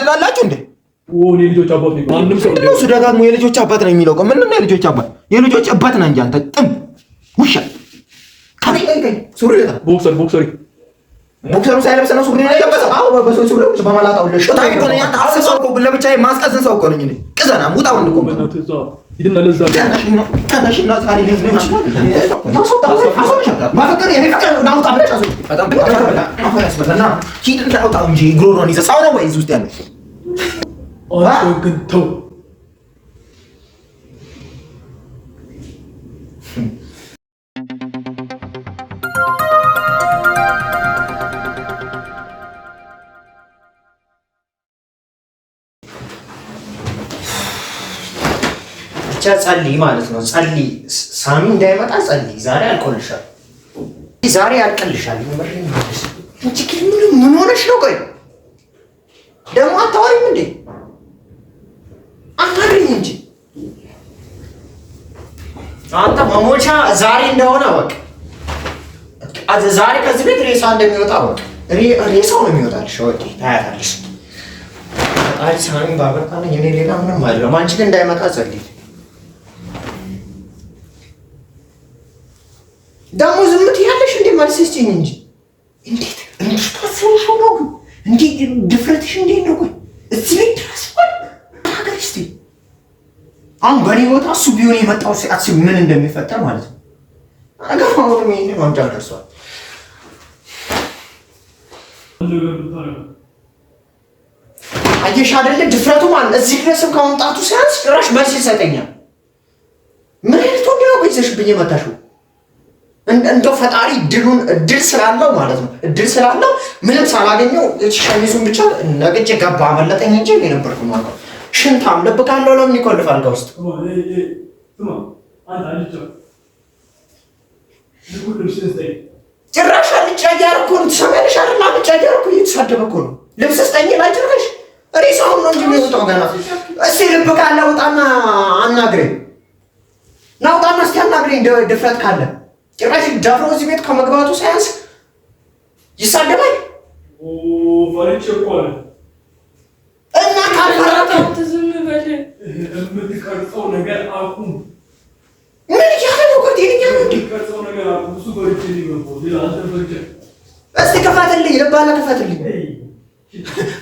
ትጋድላላችሁ እንዴ? የልጆች አባት ደጋግሞ የልጆች አባት ነው የሚለው። ምን ነው የልጆች አባት? የልጆች አባት ነህ እንጂ አንተ ጥም ውሻ። ቦክሰሩ ሳይለብስ ነው ሱሪ የለበሰው። አዎ ማስቀዝን ሰው እኮ ነኝ እኔ። ቅዘና ወንድ አንተ ግን ተው ብቻ ጸልይ ማለት ነው። ጸልይ ሳሚ እንዳይመጣ ጸልይ። ዛሬ አልቆልሻል፣ ዛሬ አልቀልሻል። ምን ሆነሽ ነው? ቆይ ደግሞ አታወሪም እንዴ? አታወሪኝ እንጂ አንተ መሞቻ ዛሬ እንደሆነ በቃ ዛሬ ከዚህ ቤት ሬሳ እንደሚወጣ በቃ ሬሳው ነው የሚወጣልሽ። ወቂ ታያታለሽ። ፈጣሪ ሳሚን ባበርካና የኔ ሌላ ምንም አይደለም። አንቺ ግን እንዳይመጣ ጸልይ። ደግሞ ዝም ትያለሽ እንዴ? መልስ ስጪኝ እንጂ እንዴት እንዴት ታስብሽ ነው እንዴ ድፍረትሽ እንዴት ነው? ቆይ እዚህ ላይ ድረስ ሀገር ስ አሁን በእኔ ቦታ እሱ ቢሆን የመጣው ሲያት ምን እንደሚፈጠር ማለት ነው። ነገር አሁንም ይህን ማምጫ ደርሷል። አየሽ አደለ ድፍረቱ ማለት እዚህ ድረስም ከመምጣቱ ሲያንስ ጭራሽ መልስ ይሰጠኛል። ምን አይነት ወንድ ነው ይዘሽብኝ የመጣሽው? እንደው ፈጣሪ ድሉን እድል ስላለው ማለት ነው። እድል ስላለው ምንም ሳላገኘው ሸሚዙን ብቻ ነቅጬ ገባ አመለጠኝ እንጂ የነበርኩ ማለት ሽንታም ልብ ካለው ለምን ይኮልፍ አልጋ ውስጥ ጭራሽ አልጫ እያደረኩ ነው። ትሰሚያለሽ አይደል? አልጫ እየተሳደበ እኮ ነው። ልብስ ስጠኝ ላጭርሽ። ሬሳውን ነው እንጂ የሚወጣው ገና። እስቲ ልብ ካለ ውጣና አናግረኝ። ናውጣና እስኪ አናግረኝ ድፍረት ካለን ጭራሽ ዳፍሮ እዚህ ቤት ከመግባቱ ሳያንስ ይሳደባል እና ካልፈረጠ የምትቀርጸው ነገር አቁም። ምን እያለ ነው? እስቲ ክፈትልኝ፣ ልባለ ክፈትልኝ።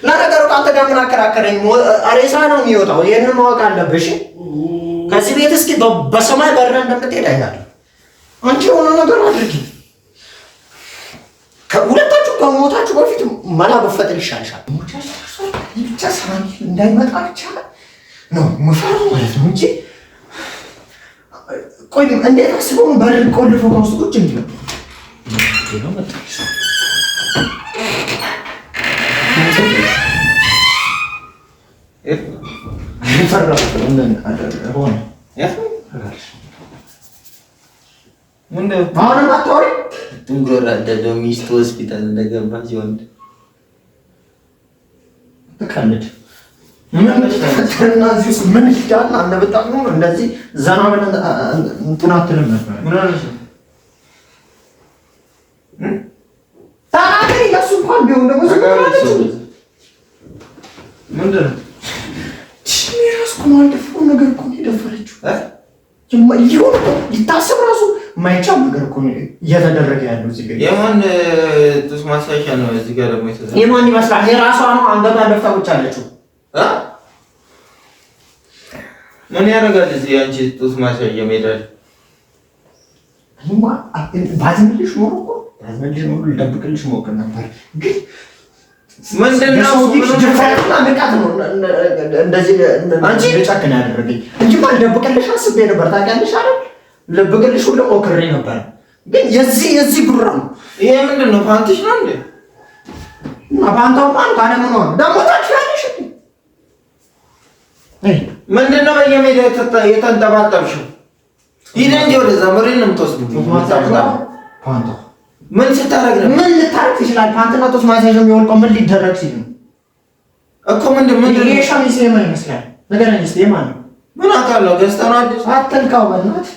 ለነገሩ አንተ ጋር ምን አከራከረኝ? ሬሳ ነው የሚወጣው። ይህንን ማወቅ አለብሽ። ከዚህ ቤት እስኪ በሰማይ በረን እንደምትሄድ አይናለሁ አንቺ የሆነ ነገር አድርጊ። ከሁለታችሁ ከሞታችሁ በፊት መላ በፈጠር ይሻልሻል። ብቻ ሰላም እንዳይመጣ ብቻ ነው ማለት ነው እንጂ ቆይ እንዴት በር ቆልፎ ከውስጥ ቁጭ ፈራ ሆነ አሁንም አታወሪ ትንጎራደደው ሚስት ሆስፒታል እንደገባ ሲሆን ትቀልድ ምን ይዳል አንደበጣም ነው እንደዚህ ዘና ብለን እንትን አትልም ነበር። እሱ እንኳን ቢሆን ደግሞ ነገር እኮ የደፈረችው። ይታሰብ እራሱ የማይቻል ነገር እኮ እየተደረገ ያለው እዚህ ጋር የማን ጡት ማሳሻ ነው? እዚህ ጋር ደግሞ የተዘረገ የማን ይመስላል? የራሷ ነው። አንገቷ ደፍታ ቁጭ አለችው። ምን ያደርጋል? እዚህ አንቺ ጡት ማሳሻ ይመዳል። ባዝምልሽ ኖሮ እኮ ባዝምልሽ ኖሮ ልደብቅልሽ ሞክር ነበር ግን እንደዚህ አንቺ ያደረገኝ እንጂ ባልደብቅልሽ አስቤ ነበር ታውቂያለሽ አይደል ልብ ሁሉ ሞክሬ ነበር፣ ግን የዚህ የዚህ ጉራ ነው። ይሄ ምንድን ነው? ፓንትሽ ነው እንዴ? እና ፓንታው ማን ምን ደግሞ? ታችላለሽ ምንድን ነው በየሜዳ የተንጠባጠብሽው? ሂድ እንጂ ወደዛ ምሬን ነው የምትወስዱት። ምን ስታረግ ነው? ምን ልታረግ ትችላለህ? ፓንትና ቶስ ማሳጅ የሚወልቀው ምን ሊደረግ ሲል እኮ ምንድን ምን ይሄ ሸሚዝ ይመስላል? ነገር አይመስልም የማን ነው። ምን አውቃለሁ ገዝተናል። አትንካው በእናትህ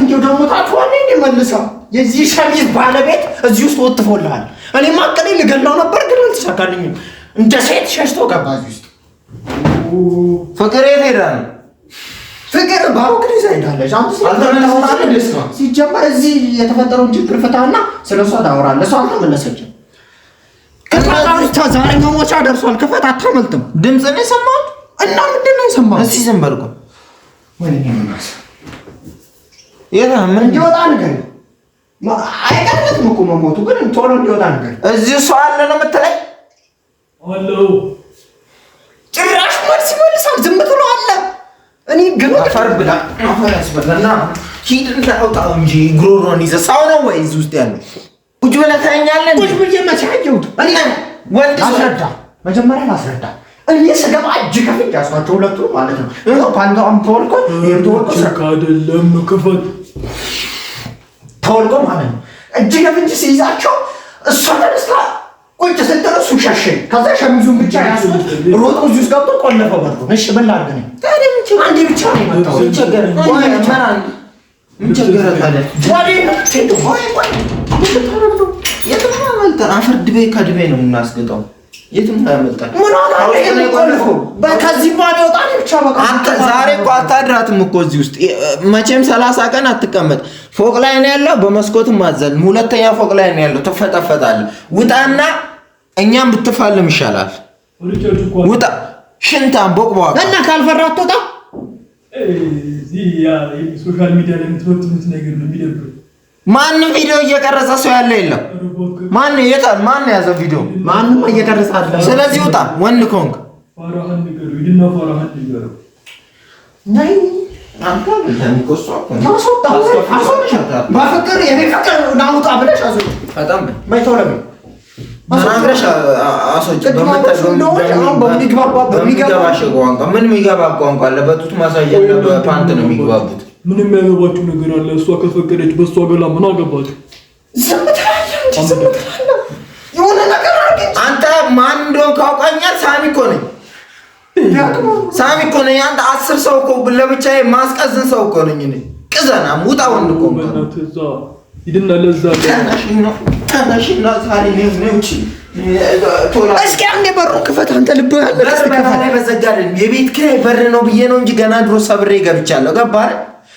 እንዲሁ ደግሞ ታችኋል እንዲ መልሳ የዚህ ሸሚዝ ባለቤት እዚህ ውስጥ ወጥፎልሃል። እኔ ማቀሌ ልገላው ነበር ግን አልተሳካልኝም። እንደ ሴት ሸሽቶ ገባ እዚህ ውስጥ። ፍቅር የት ሄዳል? ፍቅር ባሮ ግሪዛ ሄዳለች። ሲጀመር እዚህ የተፈጠረውን ችግር ፍታና ስለ እሷ ታወራለህ። እሷ አልተመለሰችም። ከታሪቻ ዛሬ መሞቻ ደርሷል። ክፈት፣ አታመልጥም። ነው የሰማሁት እና ምንድን ነው የሰማሁት? እዚህ ዝም በልኩ ወይ እንዲወጣ ነገር ነው። አይቀርበትም እኮ መሞቱ፣ ግን ቶሎ እንዲወጣ ነገር እዚህ ሰው አለ ነው የምትለኝ? ጭራሽ መልስ ይመልሳል። ዝም ብሎ አለ። እኔ ግን አፈር ብላ አፈር ያስበላና ሂድ እንዳውጣው እንጂ ጉሮሮን ይዘህ ሰው ነው ወይ እዚህ ውስጥ ያለው? ቁጭ ብለህ ታየኛለህ። ቁጭ ብዬ መቼ አየሁት? እኔ ወንድ አስረዳ፣ መጀመሪያ አስረዳ እኔ ስገባ እጅ ከፍንጅ ያስኳቸው ሁለቱ ማለት ነው። ፓንታውን ፖልኮ ይሄ ተወቀሰ አይደለም ክፈት ተወልጎ ማለት ነው። እጅ ለፍንጅ ሲይዛቸው እሷ ተነስታ ቁጭ ስትል እሱ ሸሸኝ። ከዛ ሸሚዙን ብቻ ያስት ሮጦ እዚህ ውስጥ ገብቶ ቆለፈ። በሩ። እሺ ምን ላድርግ ነኝ? አንዴ ብቻ ነው የመጣው። ምን ቸገረ? ፍርድ ቤት ከድቤ ነው የምናስገጠው የትም ታያመልጣል። ምን ዛሬ እኮ አታድራትም እኮ እዚህ ውስጥ መቼም ሰላሳ ቀን አትቀመጥ። ፎቅ ላይ ነው ያለው፣ በመስኮትም ማዘል ሁለተኛ ፎቅ ላይ ነው ያለው። ውጣና እኛም ብትፋልም ይሻላል። ውጣ ሽንታም ቦቅቧ እና ሶሻል ሚዲያ ላይ ነገር ነው የሚደብረው ማንም ቪዲዮ እየቀረጸ ሰው ያለ የለም። ማን የታ ማን የያዘው ቪዲዮ ማንም እየቀረጸ አለ። ስለዚህ ውጣ ወንድ ኮንክ ምን የሚገባ ቋንቋ አለ? በጡት ማሳያ በፓንት ነው የሚግባቡት ምን የሚያገባችሁ ነገር አለ? እሷ ከፈቀደች በእሷ ገላ ምን አገባችሁ? የሆነ ነገር አንተ ማን እንደሆንክ ካውቃኛል። ሳሚ እኮ ነኝ፣ ሳሚ እኮ ነኝ። አንተ አስር ሰው እኮ ለብቻዬ ማስቀዝን ሰው እኮ ነኝ እኔ። ቅዘና ሙጣ ወንድ እኮ ሂድና፣ ለዛ እስኪ አንዴ በሩን ክፈት። አንተ ልብ ያለ በዘጋ የቤት ኪራይ በር ነው ብዬ ነው እንጂ ገና ድሮ ሰብሬ ገብቻለሁ። ገባህ?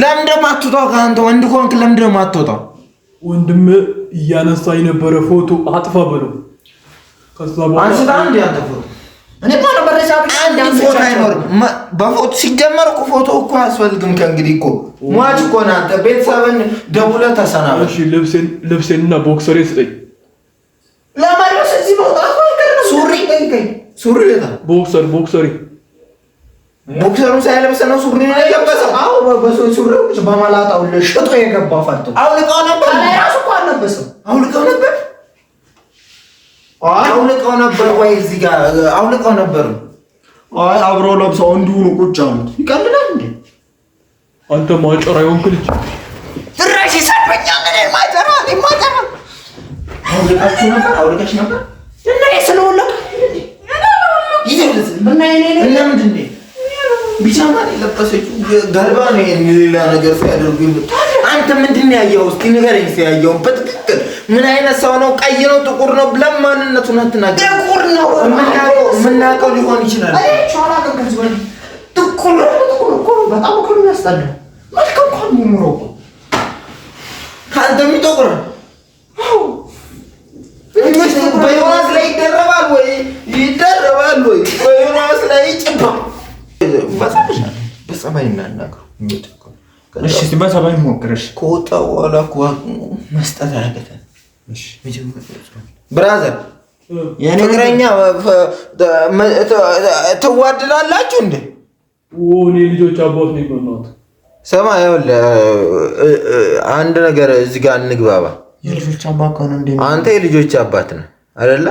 ለምን እንደማትወጣው ከአንተ ወንድ ከሆንክ ለምን እንደማትወጣው ወንድም እያነሳ የነበረ ፎቶ አጥፋ ብለው በፎቶ ሲጀመር እኮ ፎቶ እኮ አያስፈልግም። ከእንግዲህ እኮ ሟች እኮ ነህ አንተ። ቤተሰብን ደውለህ ተሰናበት። ልብሴንና ቦክሰሬ ስጠኝ። ለማንኛውም እዚህ መውጣት ሱሪ ቦክሰር ቦክሰሬ ቦክሰሩን ሳይለብስ ነው ሱሪ ነው የለበሰው። አዎ በሶ ሱሪ በማላጣው ለሽጦ የገባ ፈቶ አውልቀው ነበር። ራሱ እኮ አልለበሰው። አውልቀው ነበር፣ አውልቀው ነበር ወይ እዚህ ጋር አውልቀው ነበር። አይ አብሮ ለብሰው እንዲሁ ነው ቁጭ አሉት። ይቀልላል እንዴ አንተ ማጨራ ይሆንክ ልጅ ድራሽ ይሰጥበኛ ምን ማጨራ ማጨራ አውልቃችሁ ነበር፣ አውልቀሽ ነበር እና የስለውላ ይዘልዝ እና የኔ ለምን እንዴ ቢጃማ የለበሰችው ገልባ ነው። ይሄን ሌላ ነገር ሲያደርጉ አንተ ምንድን ነው ያየኸው? እስኪ ንገረኝ። ሲያየኸው በትክክል ምን አይነት ሰው ነው? ቀይ ነው? ጥቁር ነው? ብለን ማንነቱን አትናገር። ጥቁር ነው የምናውቀው ሊሆን ይችላል። ጥቁር በጣም እኮ ነው የሚያስጠላው። መልክ እንኳን የሚኖረው ከአንተ የሚጠቁር በዮናስ ላይ ይደረባል ወይ ይደረባል ወይ በዮናስ ላይ ይጭባል በጸባይ እናናግረው። ሞክረሽ ከወጣ በኋላ መስጠት አያገተን። ብራዘር ፍቅረኛ ትዋድላላችሁ እንደ ልጆች አባት ነው። ስማ አንድ ነገር እዚህ ጋር እንግባባ። አንተ የልጆች አባት ነህ አይደለ?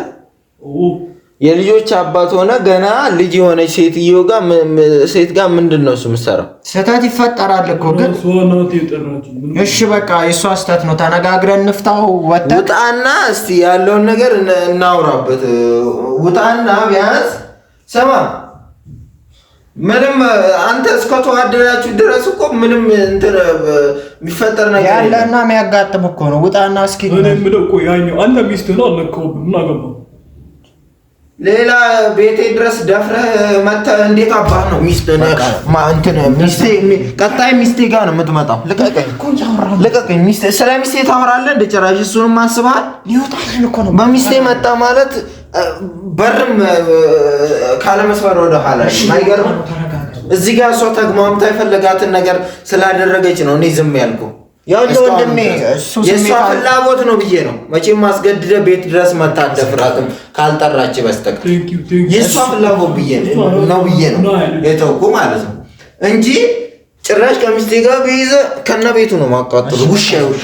የልጆች አባት ሆነ ገና ልጅ የሆነች ሴትዮ ሴት ጋር ምንድን ነው እሱ የምትሰራው? ስህተት ይፈጠራል እኮ ግን፣ እሺ በቃ የእሷ ስህተት ነው፣ ተነጋግረን እንፍታው። ወጣ ውጣና እስቲ ያለውን ነገር እናውራበት። ውጣና ቢያንስ ስማ፣ ምንም አንተ እስከ ተዋደዳችሁ ድረስ እኮ ምንም የሚፈጠር ነገር ያለና የሚያጋጥም እኮ ነው። ውጣና እስኪ ምንም ያኛው አንተ ሚስትህ ነው አልነካሁብህ ምናገባ ሌላ ቤቴ ድረስ ደፍረህ መተህ እንዴት አባህ ነው ሚስትህን ቀጣይ ሚስቴ ጋር ነው የምትመጣው። ልቀቀኝ። ስለ ሚስቴ ታወራለህ እንደ ጭራሽ እሱንም አስበሃል። በሚስቴ መጣ ማለት በርም ካለመስበር ወደ ኋላ እዚህ ጋር እሷ ተግማምታ የፈለጋትን ነገር ስላደረገች ነው እኔ ዝም ያልኩ። ያለ ወንድሜ የእሷ ፍላጎት ነው ብዬ ነው። መቼም ማስገድደ ቤት ድረስ መታደፍ ራትም ካልጠራች በስተቀር የእሷ ፍላጎት ብዬ ነው ብዬ ነው የተውኩ ማለት ነው እንጂ ጭራሽ ከሚስቴ ጋር ቢይዘ ከነ ቤቱ ነው ማቃጠሉ። ውሻ ውሻ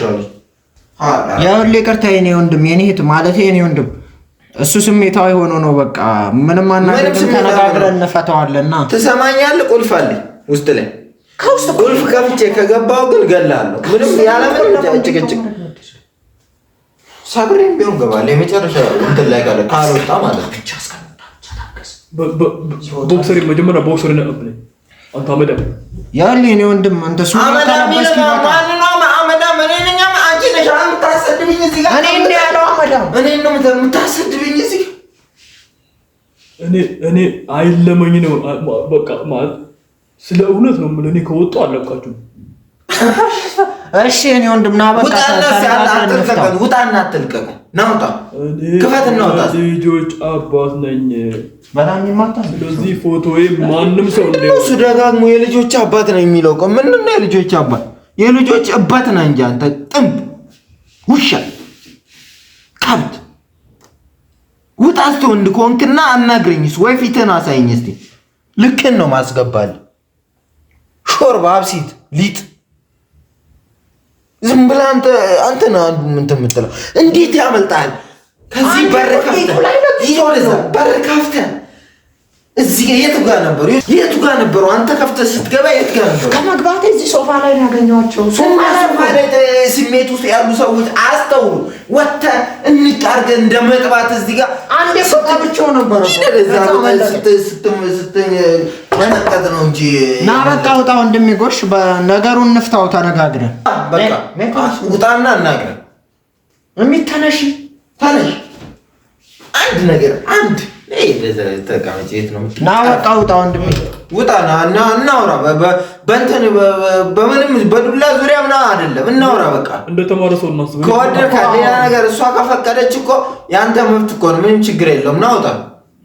ያው ይቅርታ የኔ ወንድም የኔ እህት ማለት የኔ ወንድም እሱ ስሜታዊ ሆኖ ነው በቃ ምንም አናደርግም። ተነጋግረን እንፈታዋለና። ትሰማኛለህ? ቁልፍ አለኝ ውስጥ ላይ ከውስጥ ቁልፍ ከፍቼ ከገባው ግን ገላለሁ። ምንም ያለምንም ጭቅጭቅ ሰብሬም ቢሆን ገባለሁ። የመጨረሻ እንትን ላይ ካለ ካልወጣ ማለት ነው። ቦክሰሪ መጀመሪያ ቦክሰር ነበር። አንተ አመዳም ያለ እኔ ወንድም አንተ ሱ እኔ አይለመኝ ነው በቃ ማለት ስለ እውነት ነው የምልህ። እኔ ከወጡ አለቃችሁ። እሺ እኔ ወንድም ና በቃ ውጣና ናውጣ ክፈት እናውጣ። ልጆች አባት ነኝ። ስለዚህ ፎቶ ማንም ሰው እሱ ደጋግሞ የልጆች አባት ነው የሚለው ቆ ምን የልጆች አባት የልጆች እበት ነህ እንጂ አንተ ጥምብ ውሻ ከብት። ውጣ እስቲ ወንድ ከሆንክና አናግረኝ። ወይ ፊትህን አሳይኝ ልክን ነው ማስገባል ሾርባ፣ አብሲት፣ ሊጥ ዝም ብለህ አንተ አንተ ነህ አንዱ ምን የምትለው እንዴት ያመልጣል? ከዚህ በር ከፍተህ እዚህ የቱ ጋር ነበሩ? የቱ ጋር ነበሩ? አንተ ከፍተህ ስትገባ የት ጋር ነበሩ? ከመግባት እዚህ ሶፋ ላይ ያገኘኋቸው ሶፋ ላይ ስሜት ውስጥ ያሉ ሰዎች አስተውሉ። ወጥተህ እንቃርገህ እንደ መግባት እዚህ ጋር አንዴ ሶፋ ብቻው ነበረ ለመጠጥ ነው እንጂ ና በቃ ውጣ ወንድሜ ጎሽ ነገሩን እንፍታው ተነጋግረን በቃ ውጣና እናግረን የሚተነሽ ተነሽ አንድ ነገር አንድ ና በቃ ውጣ ወንድሜ ውጣ እናውራ በእንትን በምንም በዱላ ዙሪያ ምና አይደለም እናውራ በቃ እንደተማረ ሰው ከወደድካ ሌላ ነገር እሷ ከፈቀደች እኮ የአንተ መብት እኮ ነው ምንም ችግር የለውም ና ውጣ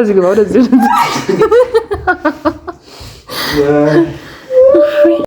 ወደዚህ ግባ፣ ወደዚህ